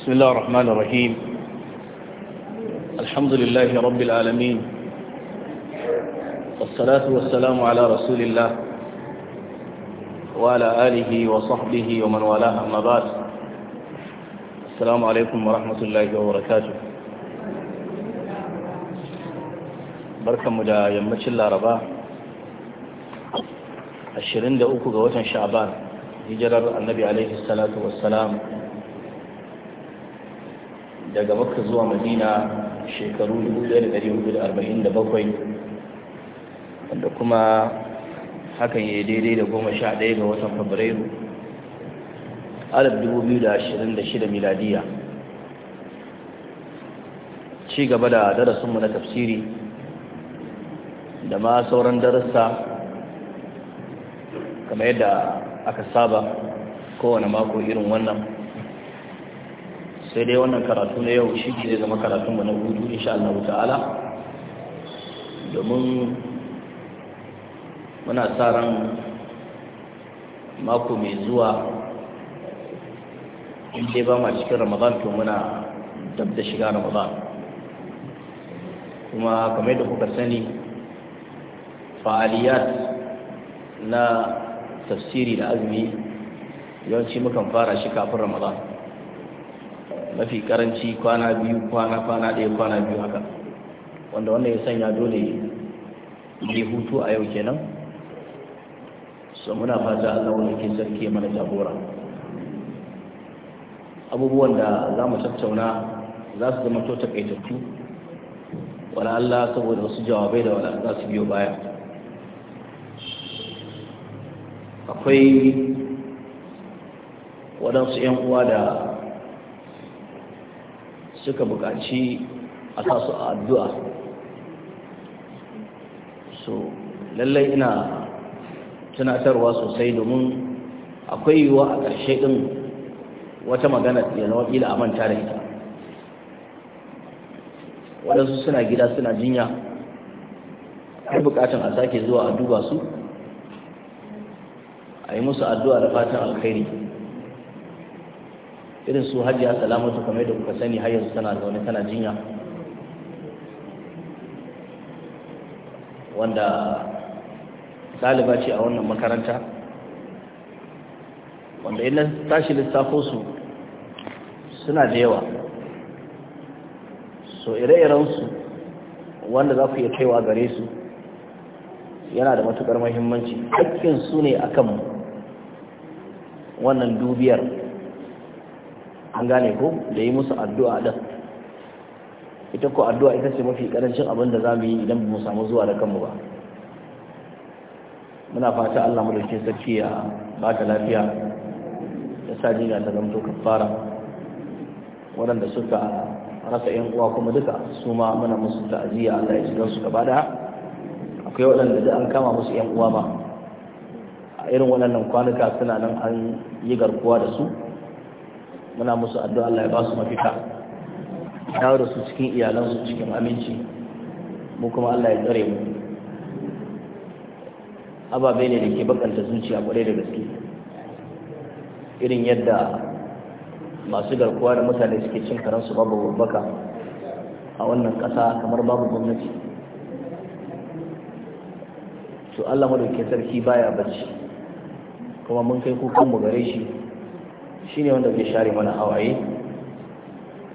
بسم الله الرحمن الرحيم الحمد لله رب العالمين والصلاة والسلام على رسول الله وعلى آله وصحبه ومن والاه أما بعد السلام عليكم ورحمة الله وبركاته بركة مدى يمتش الله ربا الشرين دا أوكو شعبان hijirar annabi alaihi salatu wassalam daga makka zuwa madina shekaru 1447 wanda kuma hakan ya daidai da goma sha ɗaya ga watan fabrairu 2026 miladiya ci gaba da darasinmu na tafsiri da ma sauran darasa kamar yadda aka saba kowane mako irin wannan sai dai wannan karatu na yau shi zai zama karatun mu na hudu insha Allah ta'ala domin muna sa ran mako mai zuwa in dai ba ma cikin ramadan to muna dab da shiga ramadan kuma kamar da kuka sani fa'aliyat na tafsiri da azumi yawanci mukan fara shi kafin ramadan mafi karanci kwana biyu kwana kwana ɗaya kwana biyu haka wanda wanda ya sanya dole ne hutu a yau kenan so muna fata Allah wani ke sarki mana jagora abubuwan da za mu tattauna za su zama to takaitattu wala Allah saboda wasu jawabai da wala za su biyo baya akwai waɗansu 'yan uwa da suka buƙaci a sa a addu'a so lallai ina tunatarwa sosai domin akwai yiwuwa a ƙarshe ɗin wata magana ya zama ƙila a manta da ita waɗansu suna gida suna jinya har buƙatan a sake zuwa a duba su a yi musu addu'a da fatan alkhairi irin su hajiya salamatu kamar da kuka sani har yanzu tana zaune tana jinya wanda saliba ce a wannan makaranta wanda idan tashi littafo su suna da yawa so ire-irensu wanda za ku iya kaiwa gare su yana da matukar mahimmanci hakkin su ne akan wannan dubiyar an gane ko da yi musu addu'a ɗin ita ko addu'a ita ce mafi karancin abin da za mu yi idan mu samu zuwa da kanmu ba muna fata allah madaukin sarki ya ba ta lafiya ya sa jinya ta zamto kafara waɗanda suka rasa yan uwa kuma duka su ma muna musu ta'aziyya allah ya shigar su gaba da akwai waɗanda da an kama musu yan uwa ba. a irin waɗannan kwanuka suna nan an yi garkuwa da su muna musu addu'a Allah ya ba su mafita dawo da su cikin iyalansu cikin aminci mu kuma Allah ya tsare mu ababe ne da ke bakanta zuciya kwarai da gaske irin yadda masu garkuwa da mutane suke cin karansu babu babbaka a wannan ƙasa kamar babu gwamnati to Allah ke sarki baya bacci kuma mun kai kukan mu gare shi Shi ne wanda zai share mana hawaye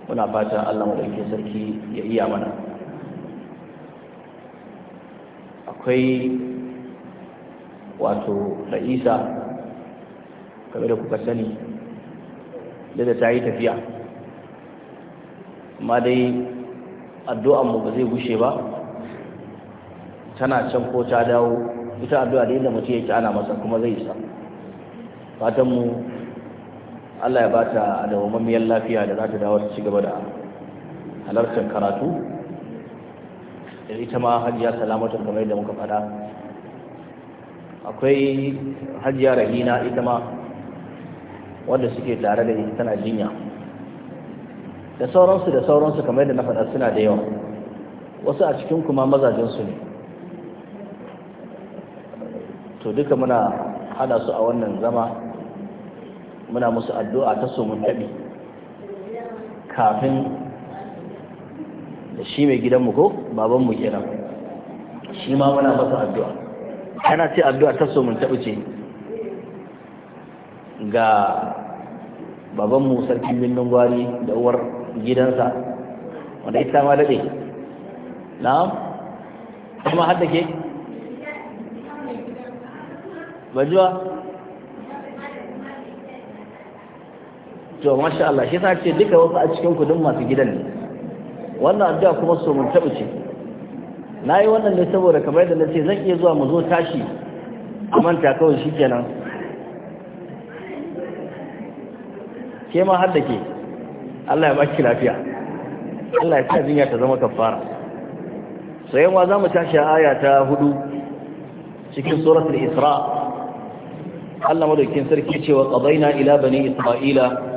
muna fata Allah madaukakin sarki ya iya mana akwai wato ra'isa kamar da kuka sani da ta yi tafiya amma dai addu'anmu ba zai gushe ba tana can ko ta dawo ita addu'a da yadda mutum yake ana masa kuma zai isa fatanmu Allah ya bata da wamammiyar lafiya da za ta dawo ci gaba da halartar karatu da ita ma hajiya salamatu kamar yadda muka fada akwai hajiya rahina ita ma wanda suke tare da ita tana jinya da sauransu da sauransu kamar yadda na faɗa suna da yawa wasu a cikin kuma mazajensu ne to duka muna hada su a wannan zama muna musu addu'a ta so mun taɓi kafin da shi mai gidanmu ko babanmu kenan shi ma muna masa addu'a Yana ce addu'a ta so mun taɓi ce ga babanmu sarkin birnin gwari da uwar gidansa wanda ita ma daɗe na'am kuma haddake bajuwa to masha Allah shi sa ce duka wasu a cikin kudin masu gidan ne wannan addu'a kuma so mun taɓa ce na yi wannan ne saboda kamar yadda na ce zan iya zuwa mu zo tashi a manta kawai shi kenan ke ma har da ke Allah ya baki lafiya Allah ya sa jinya ta zama kafara sayan wa za mu tashi aya ta hudu cikin suratul isra Allah madaukin sarki cewa qadaina ila bani isra'ila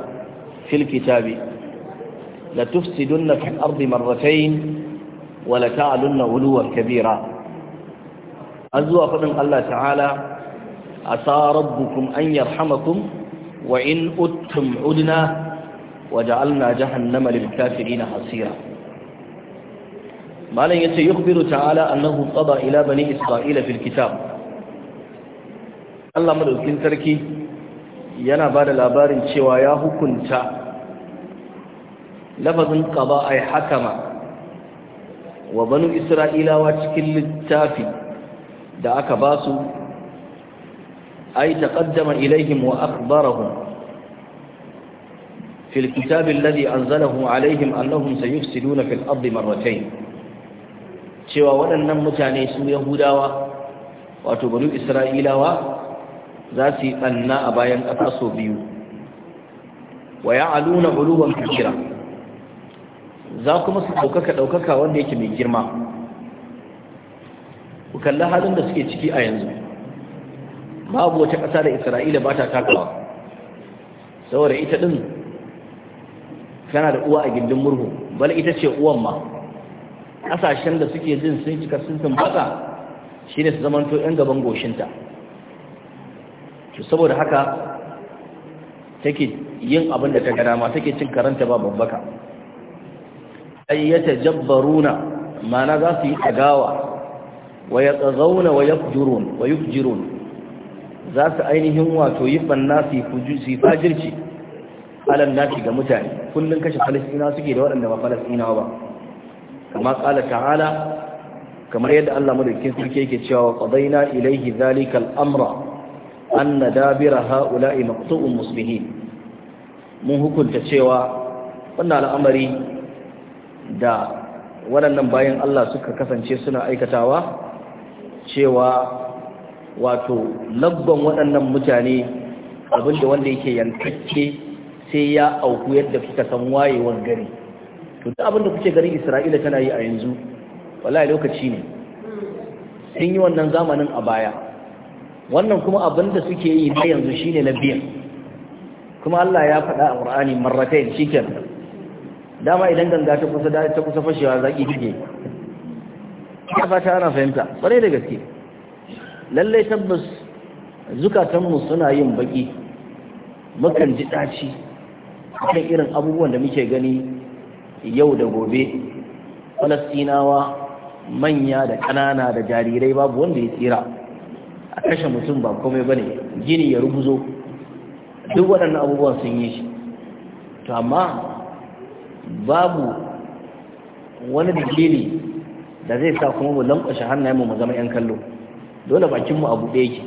fil kitabi la tufsidunna fil ardi marratayn wa la ta'lunna uluwan kabira azwa fadin Allah ta'ala asa rabbukum an yarhamakum wa in uttum udna wa ja'alna jahannama lil kafirin hasira malan yace yukhbiru ta'ala annahu qada ila bani isra'ila filkitab. Allah madaukin sarki yana ba da labarin cewa ya hukunta lafazin qada ay hakama wa banu isra'ilawa cikin littafi da aka ba su taƙaddama taqaddama ilaihim wa akhbarahum fi alkitab alladhi anzalahu alaihim annahum su fil ardi marratayn cewa waɗannan mutane su yahudawa wato banu isra'ilawa za su yi ɓanna a bayan ƙasa sau biyu wa aluna uluwan fikira za kuma su ɗaukaka ɗaukaka wanda yake mai girma ku kalli halin da suke ciki a yanzu babu wata ƙasa da isra'ila ba ta takawa saboda ita ɗin tana da uwa a gindin murhu bal ita ce uwan ma ƙasashen da suke jin sun cika sun tumbata shi ne su zamanto 'yan gaban goshinta saboda haka take yin abin da ta gada ma take cin karanta ba babbaka ay jabbaruna, mana za su yi agawa wa ya wa wa za su ainihin wato yi banna su fujusi fajirci alan nasi ga mutane kullun kashe falasina suke da waɗanda ba falastina ba kama qala ta'ala kamar yadda Allah madaukakin sarki yake cewa qadaina ilaihi zalikal amra anna dabira ha'ula'i maqtu'un Musulmi. mun hukunta cewa wannan al'amari da waɗannan bayan Allah suka kasance suna aikatawa cewa wato labban waɗannan mutane abinda wanda yake yankacce sai ya auku yadda kuka san wayewar gari to duk abinda kuke garin Isra'ila tana yi a yanzu wallahi lokaci ne sun yi wannan zamanin a baya wannan kuma abinda suke yi na yanzu shine na biyan kuma Allah ya faɗa a Qur'ani marratayn shikenan dama idan ganga ta kusa da ta kusa fashewa zaki kike ya fata ana fahimta bare da gaske lallai tabbas zukatan mu suna yin baki mukan ji daci kan irin abubuwan da muke gani yau da gobe falastinawa manya da ƙanana da jarirai babu wanda ya tsira a kashe mutum ba komai bane gini ya rubuzo duk waɗannan abubuwan sun yi shi to amma babu wani dalili da zai sa kuma mu lankwashe hannayen mu zama yan kallo dole bakin mu abu ɗaya yake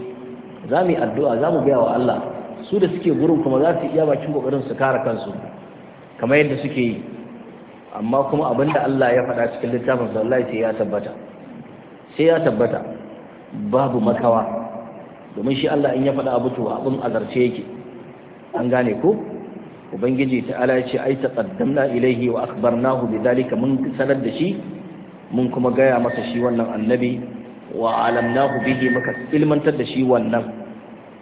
za mu yi addu'a za mu biya wa Allah su da suke gurin kuma za su iya bakin kokarin su kare kansu kamar yadda suke yi amma kuma abinda Allah ya faɗa cikin littafin sallallahu sai ya tabbata sai ya tabbata babu makawa domin shi Allah in ya faɗa abu to abin azarce yake an gane ko ubangiji ta'ala ya ce ai taqaddamna ilaihi wa akhbarnahu bidhalika mun sanar da shi mun kuma gaya masa shi wannan annabi wa alamnahu bihi maka ilmantar da shi wannan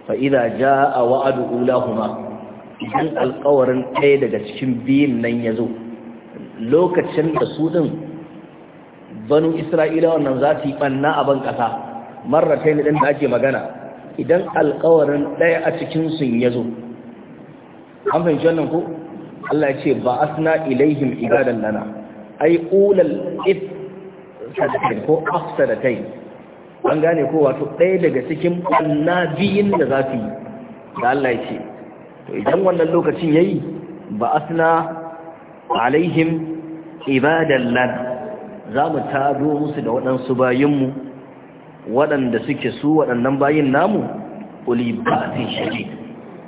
fa idza jaa wa'du ulahuma idan alƙawarin ɗaya daga cikin biyun nan ya zo lokacin da su ɗin, banu isra'ila wannan za su yi ɓanna a ban ƙasa marratai ne ɗin da ake magana idan alƙawarin ɗaya a cikin sun ya zo an fahimci wannan ko Allah ya ce ba asna ilaihim ibadan lana ai ulal if sadatain ko afsadatain an gane ko wato ɗaya daga cikin annabiyin da za su yi da Allah ya ce to idan wannan lokacin yayi ba asna alaihim ibadan lana za mu tado musu da waɗansu bayinmu waɗanda suke su waɗannan bayin namu uli shadid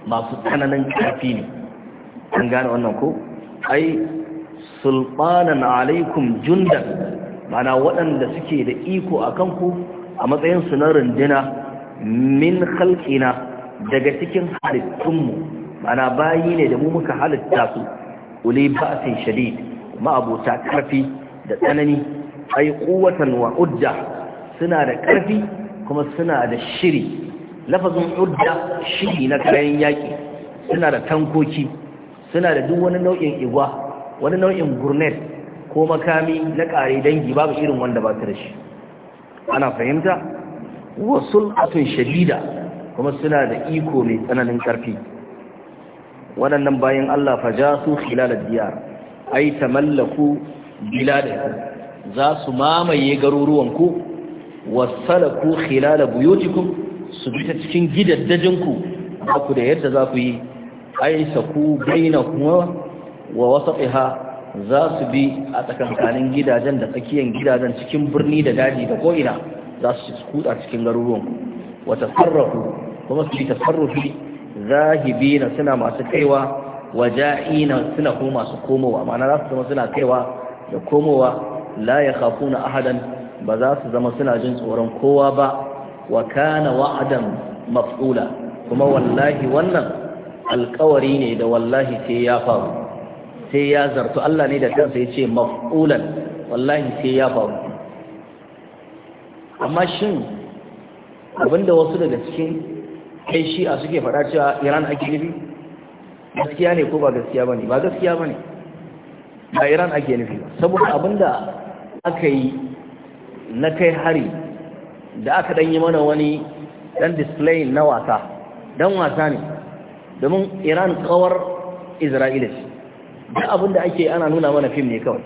masu tsananin ƙarfi ne an gane wannan ko ai sulɓanan alaikum jundan mana waɗanda suke da iko a kanku a matsayinsu na rundina min halƙina daga cikin halittunmu mana bayi ne da mu muka halitta su uli sai shadid ma'abota ƙarfi da tsanani ai ƙuwatan wa'udda suna da ƙarfi kuma suna da shiri lafazin udda shiri na kayan yaƙi suna da tankoki suna da duk wani nau'in igwa wani nau'in gurnet ko makami na ƙare dangi babu irin wanda ba ta da shi ana fahimta wasu atun shadida kuma suna da iko mai tsananin ƙarfi waɗannan bayan Allah faja su filalar diyar ai tamallaku biladaku za su mamaye garuruwanku wasalaku khilala buyutikum su bi ta cikin gidaddajinku ba ku da yadda za ku yi aisa ku baina kuma wa wasaqiha za su bi a tsakankanin gidajen da tsakiyar gidajen cikin birni da daji da ko'ina za su kuda cikin garuruwan wa tasarrafu kuma su yi tasarrufi zahibina suna masu kaiwa wa ja'ina suna kuma masu komowa ma'ana za su zama suna kaiwa da komowa la khafuna ahadan ba za su zama suna jin tsoron kowa ba wa kana wa'adan maf'ula kuma wallahi wannan alkawari ne da wallahi sai ya faru sai ya zartu Allah ne da kansa ya ce maf'ulan wallahi sai ya faru amma shin abinda wasu daga cikin kai shi'a suke faɗa cewa iran ake nufi gaskiya ne ko ba gaskiya ba ne ba gaskiya ba ne ba iran ake nufi ba saboda abinda aka yi na kai hari da aka ɗanyi mana wani ɗan display na wasa don wasa ne domin iran kawar isra'ila ce duk abin da ake ana nuna mana fim ne kawai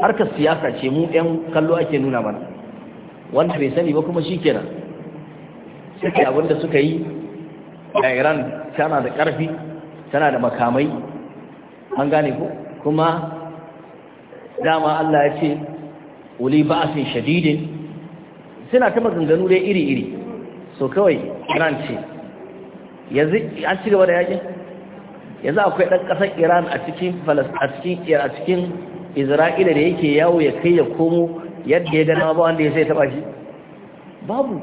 harkar siyasa ce mu ɗan kallo ake nuna mana wanda bai sani ba kuma shi kenan suke abin da suka yi a iran tana da ƙarfi tana da makamai an gane ku. kuma dama allah ya ce wuli ba'asin shadidin suna ta maganganu dai iri-iri so kawai iran ce yanzu an ci gaba da yakin yanzu akwai ɗan ƙasar iran a cikin isra'ila da yake yawo ya kai ya komo yadda ya gana ba wanda ya sai taɓa shi babu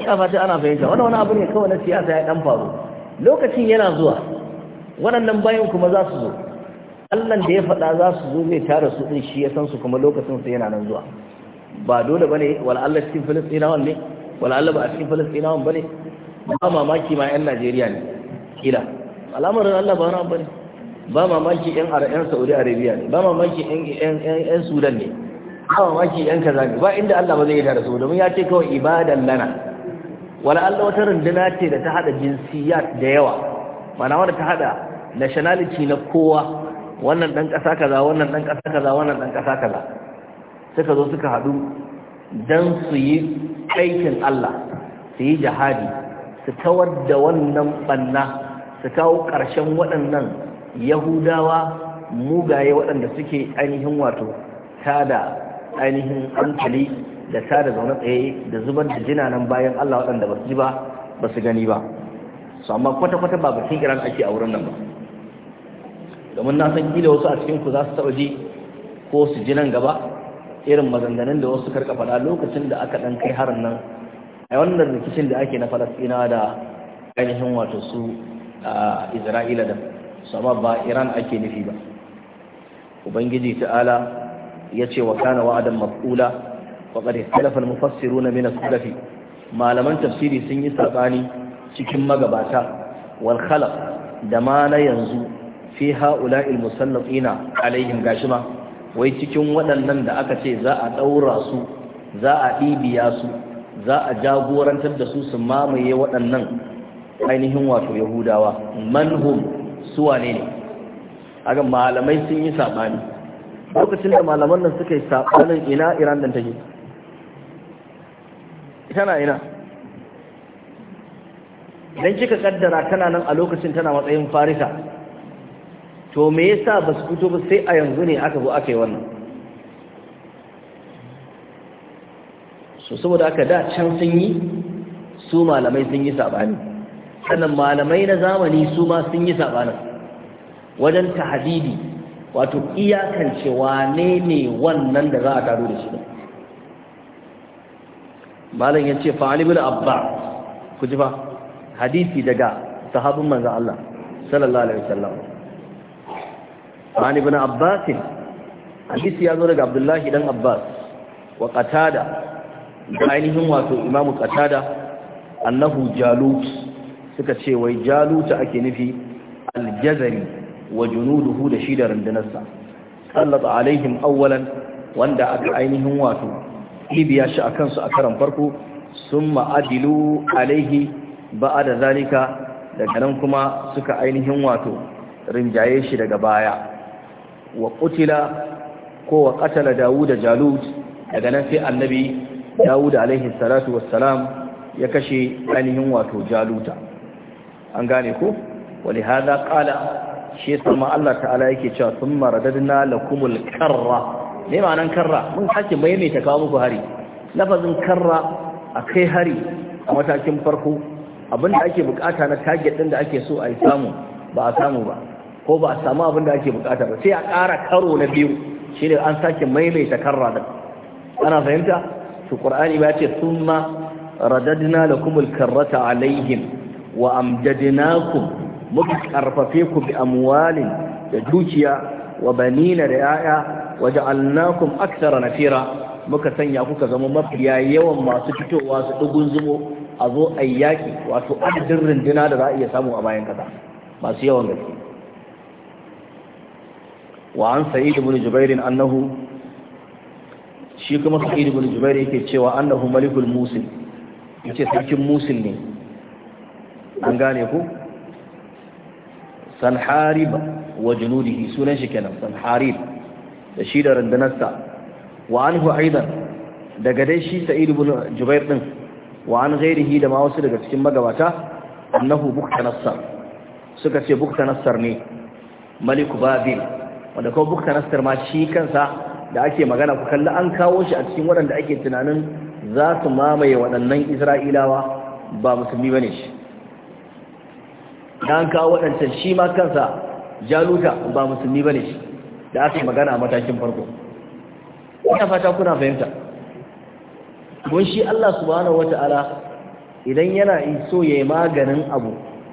ina ana fahimta wani wani abu ne kawai na siyasa ya ɗan faru lokacin yana zuwa waɗannan bayan kuma za su zo allan da ya faɗa za su zo zai tara su ɗin shi ya san su kuma lokacin su yana nan zuwa ba dole bane wala Allah cikin filistinawan ne wala Allah ba a cikin Falastinawan bane ba mamaki ma yan Najeriya ne kila al'amarin Allah ba wani ne. ba mamaki yan Saudi Arabia ne ba mamaki yan Sudan ne ba mamaki yan kaza ne ba inda Allah ba zai yi da su domin ya ce kawai ibadan lana wala Allah wata runduna ce da ta hada jinsiyat da yawa ma'ana wanda ta hada nationality na kowa wannan ɗan ƙasa kaza wannan ɗan ƙasa kaza wannan ɗan ƙasa kaza suka zo suka haɗu don su yi aikin Allah su yi jihadi su kawar da wannan ɓanna su kawo ƙarshen waɗannan yahudawa mugaye waɗanda suke ainihin wato tada ainihin hankali da tada zaune tsaye da zubar da nan bayan Allah waɗanda ba su ji ba ba su gani ba su amma kwata-kwata ba bakin iran ake a wurin nan ba domin na san kila wasu a cikin ku za su taɓa ji ko su ji nan gaba irin maganganun da wasu karka faɗa lokacin da aka ɗan kai harin nan a wannan rikicin da ake na falastina da ainihin wato su a isra'ila da Sama ba iran ake nufi ba ubangiji ta'ala ya ce wa kana wa'adan maf'ula wa qad ikhtalafa al-mufassiruna min as malaman tafsiri sun yi sabani cikin magabata wal khalaq da ma na yanzu fi ha'ula'il musallafina alaihim gashima wai cikin waɗannan da aka ce za a ɗaura su za a ɗibiya su za a jagorantar da su su mamaye waɗannan ainihin wato yahudawa manhum suwa ne ne aga malamai sun yi saɓani lokacin da malaman nan suka yi saɓanin ina iran dan take tana ina idan kika kaddara tana nan a lokacin tana matsayin farisa to me yasa ba su fito ba sai a yanzu ne aka zo aka yi wannan so saboda aka da can sun yi su malamai sun yi saɓani sannan malamai na zamani su ma sun yi saɓanin wajen ta hadidi wato iyakance wane ne wannan da za a taro da shi malam ya ce fa'alibul abba ku ji ba hadisi daga sahabin manzo Allah sallallahu alaihi wasallam عن ابن عباس حديث يزور عبد الله بن عباس وقتادة عينهم واسو امام قتادة انه جالوت suka ce wai jaluta ake nufi aljazari wa junuduhu da shida rundunarsa sallata alaihim Auwalan, wanda aka ainihin wato ibiya shi a kansu a karon farko sun ma'adilu alaihi ba a da zalika daga nan kuma suka ainihin wato rinjaye shi daga baya wa kutila ko wa katala Dawud da Jalut daga nan sai annabi Dawud alaihi salatu wassalam ya kashe ainihin wato Jaluta an gane ko wani قال shi yasa Allah ta'ala yake cewa thumma radadna lakumul karra me ma'anan karra mun mai ta kawo muku hari lafazin karra a kai hari a matakin farko abinda ake bukata na target din da ake so a yi samu ba a samu ba ko ba a samu abin da ake bukata ba sai a ƙara karo na biyu shi ne an sake maimaita karra da ana fahimta su ƙur'ani ba ce sun ma radadina da kumul karrata alaihim wa amjadina ku muka karfafe ku bi amwalin da dukiya wa banina da ya'ya wa ja'alnakum aksara nafira muka sanya kuka zama mafiya yawan masu fitowa su dugun zubo a zo a yaki wato adadin runduna da za a iya samu a bayan kasa masu yawan gaske wa an sa'id ibn jubair annahu shi kuma sa'id ibn jubair yake cewa annahu malikul musil yace sarkin musil ne an ku sanharib wa junudihi sunan shi kenan da shi da rundunar wa anhu aidan daga dai shi sa'id ibn jubair din wa an ghairihi da ma wasu daga cikin magabata annahu bukta nassar suka ce ne maliku babil wanda kawai bukta nasar ma shi kansa da ake magana ku kalli an kawo shi a cikin waɗanda ake tunanin za su mamaye waɗannan isra'ilawa ba musulmi ba ne shi da an kawo waɗancan shi ma kansa jaluta ba musulmi ba ne shi da ake magana a matakin farko ina fata kuna fahimta Kun shi Allah subhanahu ta'ala idan yana so ya yi maganin abu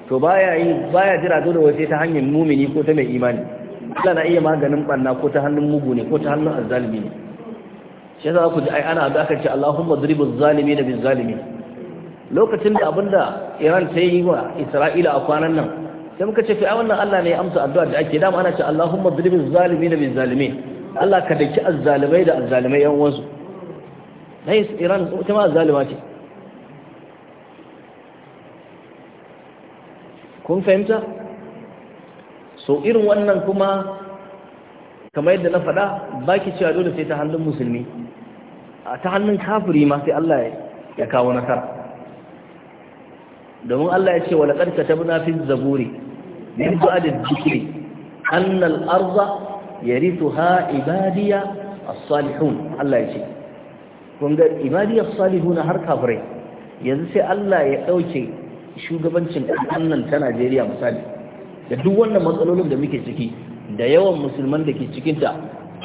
to baya yi baya jira dole wace ta hanyar mumini ko ta mai imani Allah na iya maganin banna ko ta hannun mugu ne ko ta hannun azzalimi ne shi yasa ku ji ai ana da aka ce Allahumma drib zalimi da biz-zalimi lokacin da abinda Iran ta yi wa Isra'ila a kwanan nan sai muka ce fa wannan Allah ne ya amsa addu'a da ake dama ana ce Allahumma drib zalimi da biz-zalimi Allah ka daki azzalimai da azzalimai yan wasu dai Iran ita ma azzalima ce kun fahimta so irin wannan kuma kamar yadda na faɗa ba ki cewa dole sai ta hannun musulmi a ta hannun kafiri ma sai Allah ya kawo nasara domin Allah ya ce wa laqad na fi zaburi min ba'd adh-dhikri anna al-ardha yarithuha ibadiya as-salihun Allah ya ce kun ga ibadiya as-salihun har kafirai yanzu sai Allah ya ɗauke shugabancin ƙasar ta Najeriya misali da duk wannan matsalolin da muke ciki da yawan musulman da ke cikinta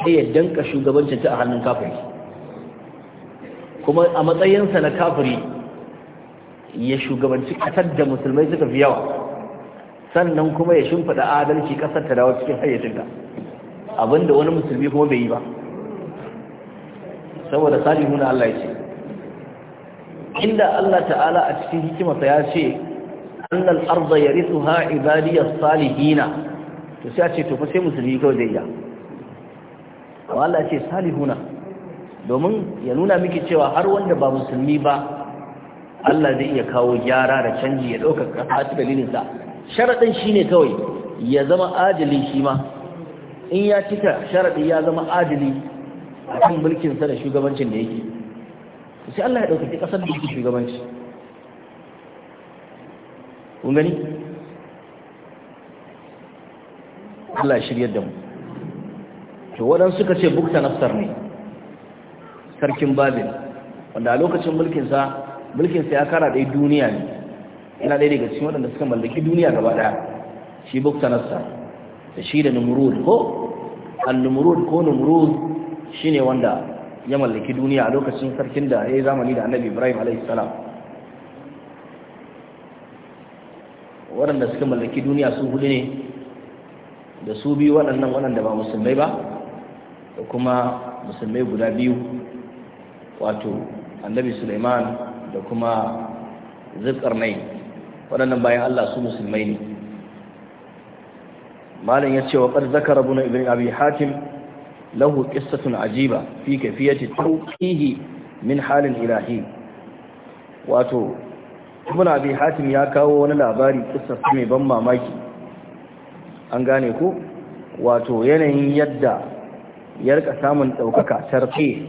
sai ya danka shugabancinta a hannun kafiri kuma a matsayinsa na kafiri ya shugabanci kasar da musulmai suka fi yawa sannan kuma ya shimfiɗa adalci ƙasar ta dawo cikin hayyacinta abinda wani musulmi kuma bai yi ba saboda salihu na Allah ya ce inda Allah ta'ala a cikin hikimarsa ya ce annal arda yarithuha ibadiyas salihina to sai a ce to fa sai musulmi kawai zai iya wa Allah ce salihuna domin ya nuna miki cewa har wanda ba musulmi ba Allah zai iya kawo gyara da canji ya ɗaukar ƙasa ta dalilin sa sharaɗin shine kawai ya zama adali shi ma in ya cika sharaɗi ya zama adali a kan mulkinsa da shugabancin da yake sai Allah ya ɗaukaki ƙasar da yake shugabanci kun gani Allah shiryar da mu to waɗansu suka ce bukta nafsar ne sarkin babin wanda a lokacin mulkinsa mulkinsa ya kara ɗai duniya ne yana ɗaya daga cikin waɗanda suka mallaki duniya gaba ɗaya shi bukta nafsar da shi da numurud ko al-numurud ko numurud shine wanda ya mallaki duniya a lokacin sarkin da ya yi zamani da annabi ibrahim alaihi salam waɗanda suka mallaki duniya su hudu ne da su biyu waɗannan waɗanda ba musulmai ba da kuma musulmai guda biyu wato annabi suleiman da kuma zulkarnai waɗannan bayan allah su musulmai ne malam ya ce wa ƙar zakara na ibn abi hatim lahu qissatun ajiba fi kafiyati tawqihi min halin ilahi wato muna abi hatim ya kawo wani labari su mai ban mamaki an gane ku? wato yanayin yadda ya rika samun ɗaukaka tarfe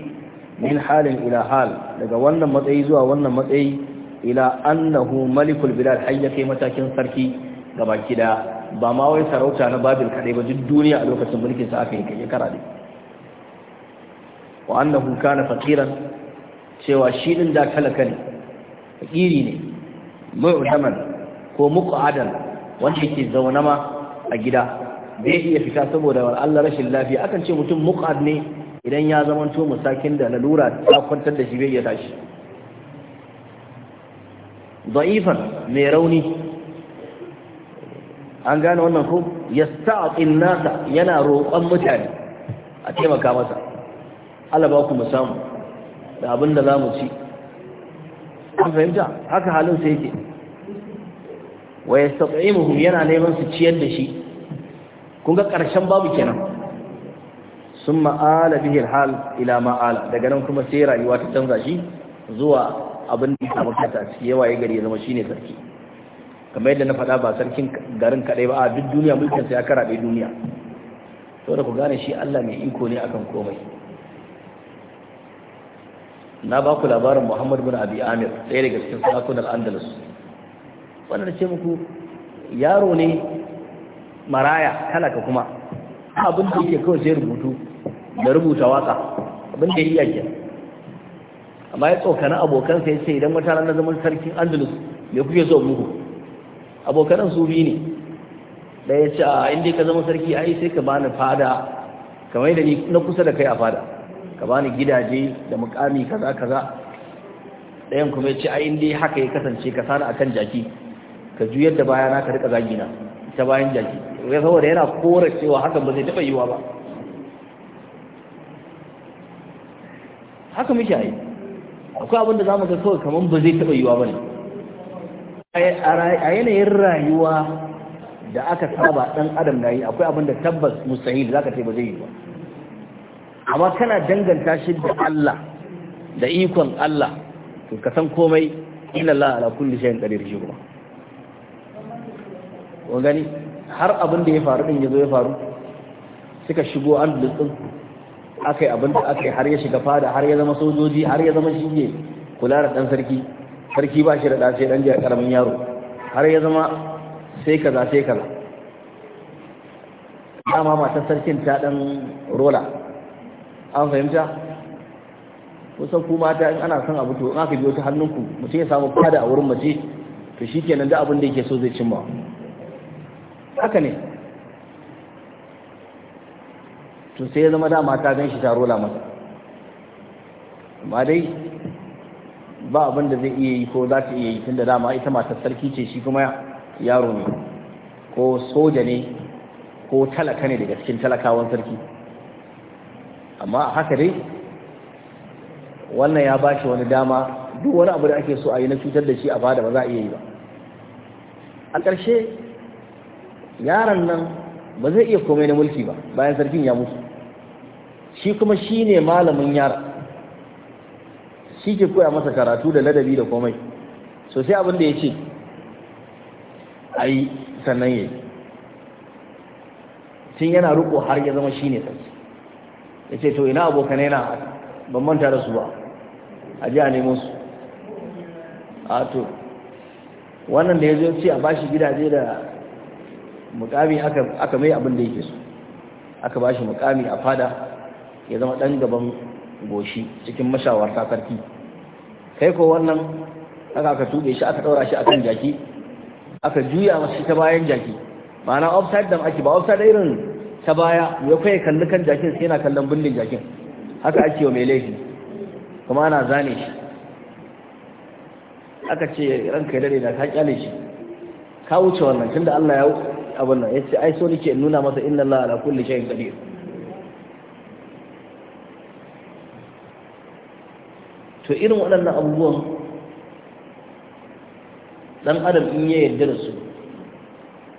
min halin ila hal daga wannan matsayi zuwa wannan matsayi ila annahu malikul bilal har ya kai matakin sarki ga baki da ba ma wai sarauta na babil kadai ba duk duniya a lokacin mulkin sa aka yi kai kara ne wa annahu kana fakiran cewa shi din da talaka ne fakiri ne mu'taman ko muqadan wanda yake zaune ma a gida zai iya fita saboda wal Allah rashin lafiya akan ce mutum muqad ne idan ya zamanto musakin da lalura ta kwantar da shi bai iya tashi da'ifan mai rauni an gane wannan ko yasta'in nasa yana roƙon mutane a taimaka masa Allah ba ku mu samu da abin da za mu ci an fahimta haka halin sa yake wa yastatimuhum yana neman su ciyar da shi kun ga karshen babu kenan summa ala bihi alhal ila ma daga nan kuma sai rayuwa ta canza shi zuwa abin da ya makata a yawa ya gari ya zama shine sarki kamar yadda na faɗa ba sarkin garin kaɗai ba a duk duniya mulkin ya karaɓe duniya da ku gane shi Allah mai iko ne akan komai na ba ku labarin Muhammad bin Abi Amir ɗaya daga cikin sarakunan Andalus wannan ce muku yaro ne maraya talaka kuma abin da yake kawai sai rubutu da rubuta waka abin da ya iya amma ya tsokani abokansa ya ce idan mutanen na zaman sarkin andalus me kuke so muku abokanan su biyu ne da ya ce a inda ka zama sarki ai sai ka bani fada kamar da na kusa da kai a fada ka bani gidaje da mukami kaza kaza ɗayan kuma ya ce a inda haka ya kasance ka sani kan jaki ka juyar da baya na ka rika zagina ta bayan jaki ya saboda yana kora cewa hakan ba zai taɓa yiwa ba haka muke yi akwai abinda za mu ga kawai kamar ba zai taɓa yiwa ba ne a yanayin rayuwa da aka saba ɗan adam na yi akwai abinda tabbas musahil za ka ce ba zai yi ba amma kana danganta shi da Allah da ikon Allah to ka san komai inna Allah ala kulli shay'in qadir shi kuma wa gani har abin da ya faru din ya zo ya faru suka shigo andalus din akai abin da akai har ya shiga fada har ya zama sojoji har ya zama shi kula da dan sarki sarki ba shi da dace dan ɗan jiya karamin yaro har ya zama sai kaza sai kaza dama matar sarkin ta dan rola an fahimta kusan ku mata in ana son abu to in aka biyo ta hannunku mutum ya samu fada a wurin mace to shikenan da abin da yake so zai cimma haka ne to sai ya zama dama ta gan shi ta rola masa amma dai ba abin da zai iya yi ko za ta iya yi tunda dama ita mata sarki ce shi kuma yaro ne ko soja ne ko talaka ne daga cikin talakawan sarki amma a haka dai wannan ya ba shi wani dama duk wani abu da ake so a yi na cutar da shi a bada ba za a iya yi ba a ƙarshe yaron nan ba zai iya komai na mulki ba bayan sarkin ya mutu shi kuma shi ne malamin yara shi ke koya masa karatu da ladabi da komai Sosai abinda abin da ya ce a yi sannan ya tun yana riko har ya zama shi ne sarki ya ce to ina abokan yana. ban manta da su ba a ji a nemo su a to wannan da ya zo ce a bashi gidaje da mukami aka mai abin da yake so aka bashi mukami a fada ya zama ɗan gaban goshi cikin mashawarta sarki kai ko wannan aka aka tuɓe shi aka ɗaura shi akan jaki aka juya masa ta bayan jaki ma'ana offside dan ake ba offside irin ta baya ya kai kalli kan jakin sai yana kallon bindin jakin haka ake wa mai laifi kuma ana zane shi aka ce ranka ya dare da ka kyale shi ka wuce wannan tunda Allah ya abin nan yace ai so nake in nuna masa inna Allah ala kulli shay'in qadir to irin waɗannan abubuwan dan adam in ya yarda da su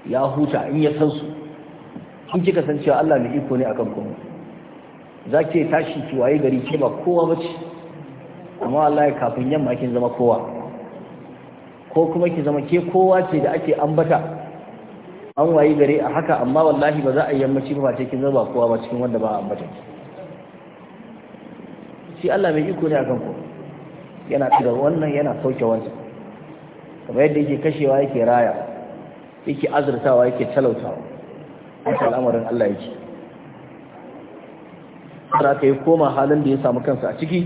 ya huta in ya san su in kika san cewa Allah mai iko ne akan kuma za ke tashi ki waye gari ke ba kowa ba ce amma wallahi kafin yamma kin zama kowa ko kuma ki zama ke kowa ce da ake ambata an wayi gare a haka amma wallahi ba za a yi yammaci ba ce kin zaba kowa ba cikin wanda ba a ambata shi Allah mai iko ne a kanku yana tsira wannan yana sauke wancan kamar yadda yake kashewa yake raya yake azurtawa yake talautawa haka al'amarin Allah yake Kada ka yi koma halin da ya samu kansa a ciki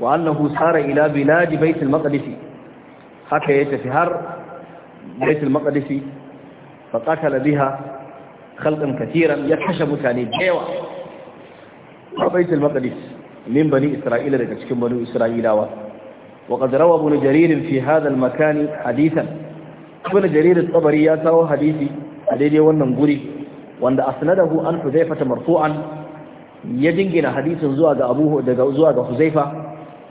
wa annahu sara ila biladi baitul maqdisi haka ya tafi har baitul maqdisi فقتل بها خلقا كثيرا يكشف تاني بيوة وبيت المقدس من بني إسرائيل لكشكم بني إسرائيل وقد روى ابن جرير في هذا المكان حديثا ابن جرير الطبري يتوى حديثي أليدي والنمبري وأن أسنده عن حذيفة مرفوعا يدنجن حديث زواج أبوه زواج حذيفة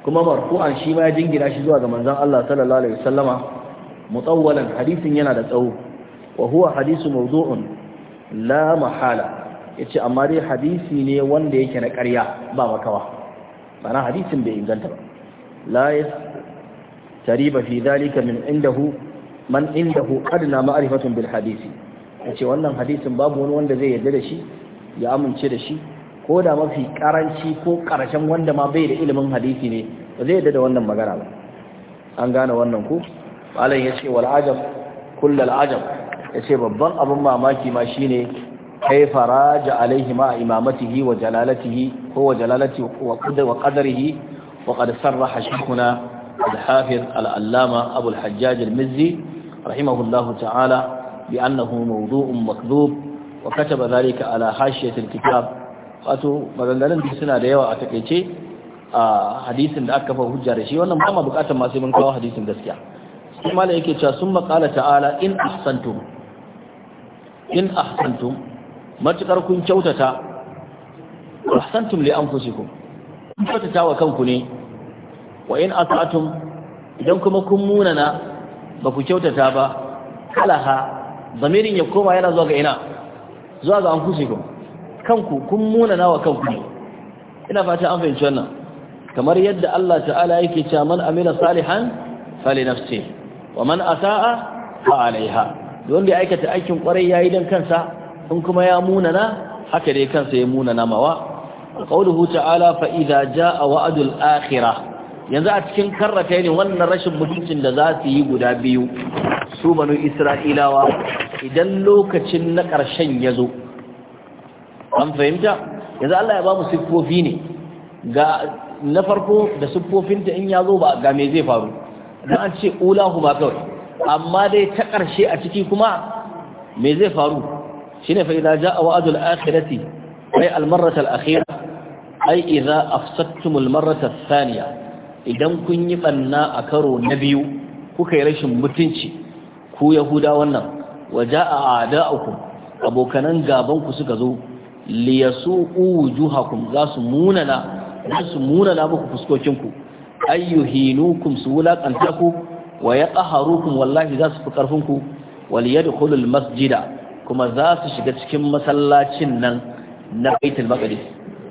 كما مرفوعا شما يدنجن أشي زواج منزان الله صلى الله عليه وسلم مطولا حديث ينادت أوه wa hadisi hadisu mawdu'un la mahala yace amma dai hadisi ne wanda yake na karya ba makawa bana hadisin bai inganta ba la yastariba fi dhalika min man indahu adna ma'rifatun bil hadisi yace wannan hadisin babu wani wanda zai yarda da shi ya amince da shi ko da mafi karanci ko karshen wanda ma bai da ilimin hadisi ne ba zai yarda da wannan magana ba an gane wannan ku malam yace wal ajab kullal ajab ya ce babban abin mamaki ma shine kaifa raja alaihi ma imamatihi wa jalalatihi ko wa jalalati wa qadarihi wa qad sarraha shaykhuna al-hafiz al-allama abu al-hajjaj al-mizzi ta'ala bi annahu mawdu'un makdhub wa kataba dhalika ala hashiyat al-kitab wato maganganun suna da yawa a takeice a hadisin da aka kafa hujja da shi wannan ba ma bukatar ma sai mun kawo hadisin gaskiya kuma da yake cewa sun maƙala ta'ala in ahsantum in ahsantum matukar kun kyautata ahsantum li anfusikum kun kyautata wa kanku ne wa in as'atum idan kuma kun munana ba ku kyautata ba kalaha zamirin ya koma yana zuwa ga ina zuwa ga anfusikum kanku kun munana wa kanku ne ina fata an fahimci wannan kamar yadda Allah ta'ala yake cewa man amila salihan fali nafsi wa man asaa fa alaiha wanda ya aikata aikin kwarai ya yi dan kansa in kuma ya munana haka dai kansa ya munana mawa ƙauluhu ta'ala fa ja a wa'dul akhirah yanzu a cikin karrata ne wannan rashin mutuncin da za su yi guda biyu su banu isra'ilawa idan lokacin na ƙarshen ya zo an fahimta yanzu Allah ya ba mu siffofi ne ga na farko da siffofinta in ya zo ba ga me zai faru dan an ce ulahu ba kawai amma dai ta ƙarshe a ciki kuma me zai faru shine fa idza jaa wa'dul akhirati ay almaratar marrata al Ai ay a afsadtum al marrata idan kun yi ɓanna a karo na biyu kuka yi rashin mutunci ku yahuda wannan waja'a a'da'ukum abokanan gaban suka zo liyasuqu wujuhakum za su munana za su munana muku fuskokin ku ayyuhinukum su wulakanta ku wa ya ƙaharukum wallahi za su fi ƙarfinku waliyadkhulu Masjida kuma za su shiga cikin masallacin nan na baitul maqdis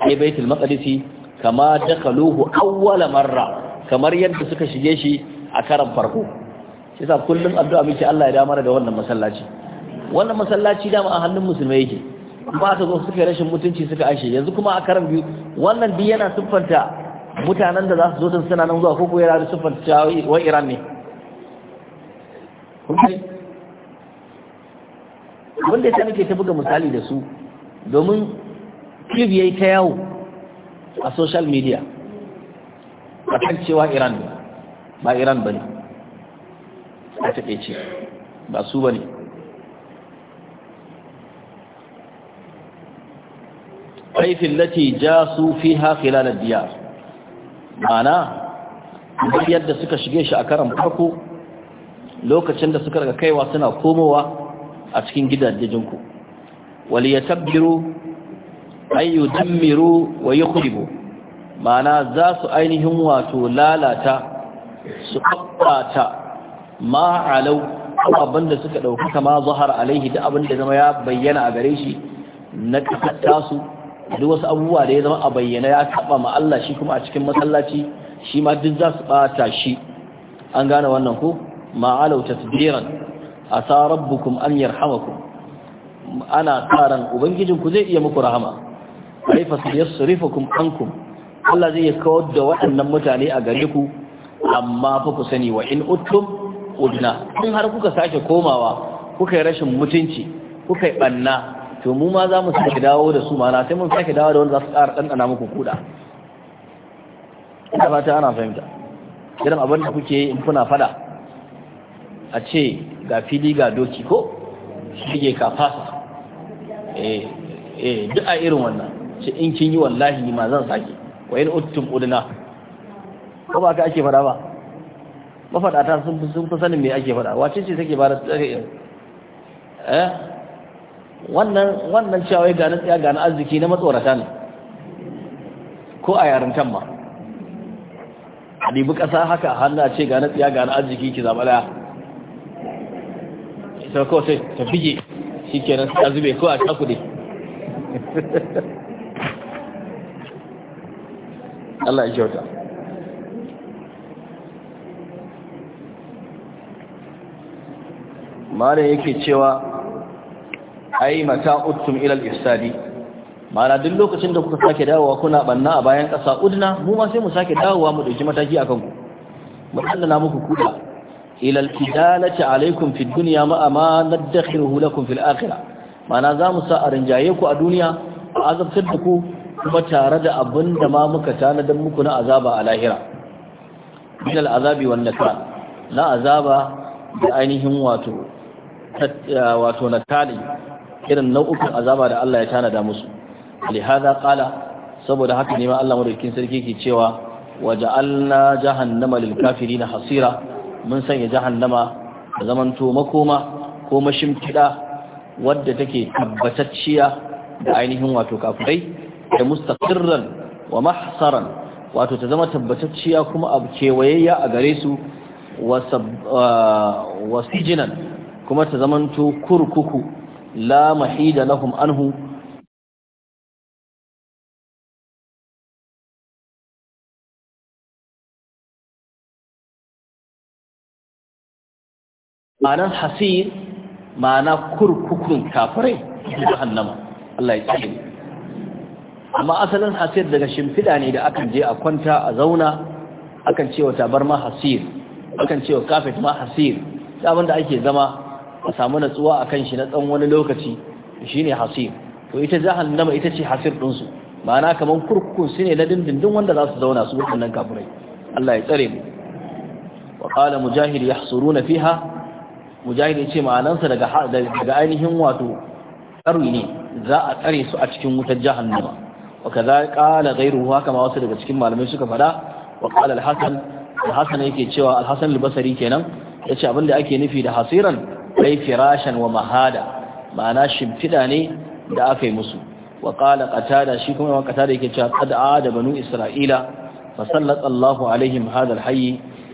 ai baitul maqdis kama dakaluhu awwala marra kamar yadda suka shige shi a karan farko shi yasa kullum addu'a muke Allah ya damar da wannan masallaci wannan masallaci dama a hannun musulmai yake ba ta zo suka rashin mutunci suka ashe yanzu kuma a karan biyu wannan biyu yana siffanta mutanen da za su zo tun suna nan zuwa koko yana siffanta wa Iran ne wanda ya sami ke ta buga misali da su domin kif ya yi ta yawo a social media a kan cewa iran ne ba iran ba ne a ce ba su ba ne haifin lati ja su fi haƙila da diyar ma'ana yadda suka shige shi a karan farko lokacin da suka daga kaiwa suna komowa a cikin gidajenku wali ya tabbiru ayyu dammiru wa yukhribu Mana za su ainihin wato lalata su abbata ma alau abin da suka dauki kama zahar alaihi da abin da zama ya bayyana a gare shi na kafatta su duk wasu abubuwa da ya zama a bayyana ya taba ma Allah shi kuma a cikin masallaci shi ma duk za su bata shi an gane wannan ko ma alau tasbiran asa rabbukum an yarhamakum ana tsaran ku zai iya muku rahama ai fa yasrifukum ankum Allah zai kawar da waɗannan mutane a gare ku amma fa ku sani wa in uttum udna in har kuka sake komawa kuka yi rashin mutunci kuka yi banna to mu ma za mu sake dawo da su mana sai mun sake dawo da wanda za su ƙara ɗanɗana muku kuɗa ina fata ana fahimta irin abin da kuke in kuna fada a ce ga fili ga doki ko shige ka fasa eh, eh duk a irin wannan ce in kin yi wallahi ma zan sake wa in uttum udna ko ba ka ake fada ba mafaɗata sun fi sanin me ake faɗa wace ce take bada tsare eh wannan wannan cewa ga na tsaya ga na arziki na matsorata ne ko a yarintan ma a dibi ƙasa haka hannu a ce ga na tsaya ga na arziki ki zaɓa daya ta kawai sai ta bige shi kenan ta zube ko a cakude Allah ya kyauta mara yake cewa ai mata uttum ilal ifsadi mara duk lokacin da kuka sake dawowa kuna banna a bayan ƙasa udna mu ma sai mu sake dawowa mu ɗauki mataki akan ku mu muku kuda ilal al-idalati alaikum fid dunya ma amma nadakhiruhu lakum fil akhirah mana za mu sa a rinjaye ku a duniya a azabtar da ku kuma tare da abin da ma muka muku na azaba a lahira min al-azabi wan nakal na azaba da ainihin wato wato nakali irin nau'ukan azaba da Allah ya tanada musu lihada qala saboda haka ne ma Allah madaukakin sarki ke cewa waja'alna jahannama lil kafirin hasira mun sanya jahannama da zamanto makoma ko mashimfiɗa wadda take tabbatacciya da ainihin wato kafirai da mustaqirran wa mahsaran wato ta zama tabbatacciya kuma abu kewayayya a gare su wasijinan ah, kuma ta zamanto kurkuku la mahida lahum anhu ma'anar hasir ma'ana kurkukun kafirai jahannama Allah ya tsare amma asalin hasir daga shimfida ne da akan je a kwanta a zauna akan cewa tabar ma hasir akan cewa kafet ma hasir abin da ake zama a samu natsuwa a kan shi na tsawon wani lokaci shine hasir to ita jahannama ita ce hasir ɗinsu ma'ana kamar kurkukun su ne na dindindin wanda za su zauna su waɗannan kafirai Allah ya tsare mu wa qala mujahid yahsuruna fiha mujahid ya ce ma'anansa daga daga ainihin wato tsari ne za a tsare su a cikin wutar jahannama wa kaza qala ghayruhu haka ma wasu daga cikin malamai suka fada wa qala al-hasan yake cewa al albasari kenan yace abin da ake nufi da hasiran dai firashan wa mahada ma'ana shimfiɗa ne da aka yi musu wa qala qatada shi kuma wa qatada yake cewa qad da banu isra'ila fa sallata Allahu alaihim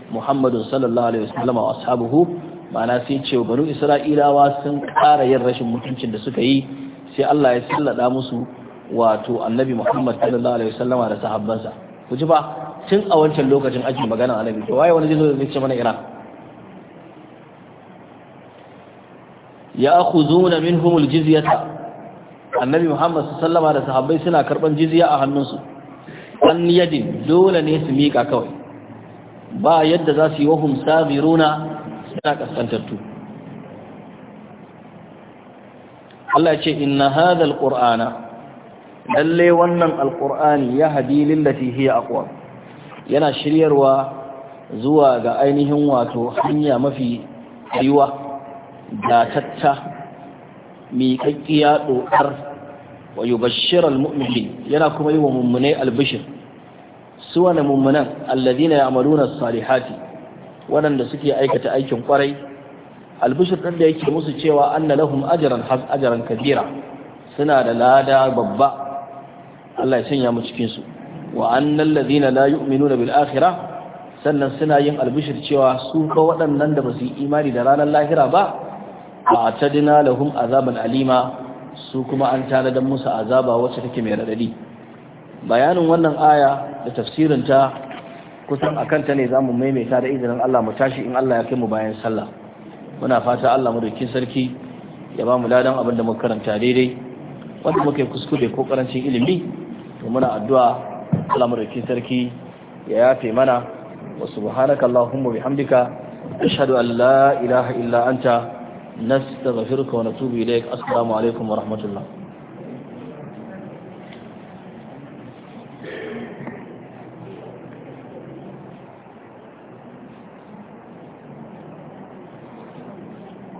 Muhammadu sallallahu alaihi wa ashabuhu ma'ana sai ce banu isra'ilawa sun ƙara yin rashin mutuncin da suka yi sai Allah ya sallada musu wato annabi Muhammad sallallahu alaihi wasallama da sahabbansa ku ji ba tun a wancan lokacin ake magana annabi to waye wani zai zo da ce mana Iran ya akhuzuna minhum aljizyata annabi Muhammad sallallahu alaihi da sahabbai suna karban jizya a hannunsu an yadin dole ne su miƙa kawai ba yadda za su yi wahum sabiruna Yana kaskantattu Allah ce inna hadha alqur'ana lalle wannan alqur'ani ya hadi lillati hiya aqwam yana shiryarwa zuwa ga ainihin wato hanya mafi riwa da tatta mi kakkiya dokar wa almu'minin yana kuma yi wa mummune albishir su wani mummunan alladina ya'maluna as-salihati waɗanda suke aikata aikin kwarai albishir ɗin da yake musu cewa anna lahum ajran has kabira suna da lada babba Allah ya sanya mu cikin su wa annal ladina la yu'minuna bil akhirah sannan suna yin albishir cewa su fa waɗannan da basu yi imani da ranar lahira ba a tadina lahum azaban alima su kuma an tanadan musu azaba wacce take mai radadi bayanin wannan aya da tafsirinta kusan a ta ne za mu maimaita da izinin Allah mu tashi in Allah ya kai mu bayan sallah muna fata Allah mu dokin sarki ya ba mu ladan abin da muka karanta daidai wanda muka yi kuskure ko karancin ilimi to muna addu'a Allah mu sarki ya yafe mana wa subhanaka allahumma bihamdika ashhadu an la ilaha illa anta nastaghfiruka wa natubu ilaik assalamu alaikum wa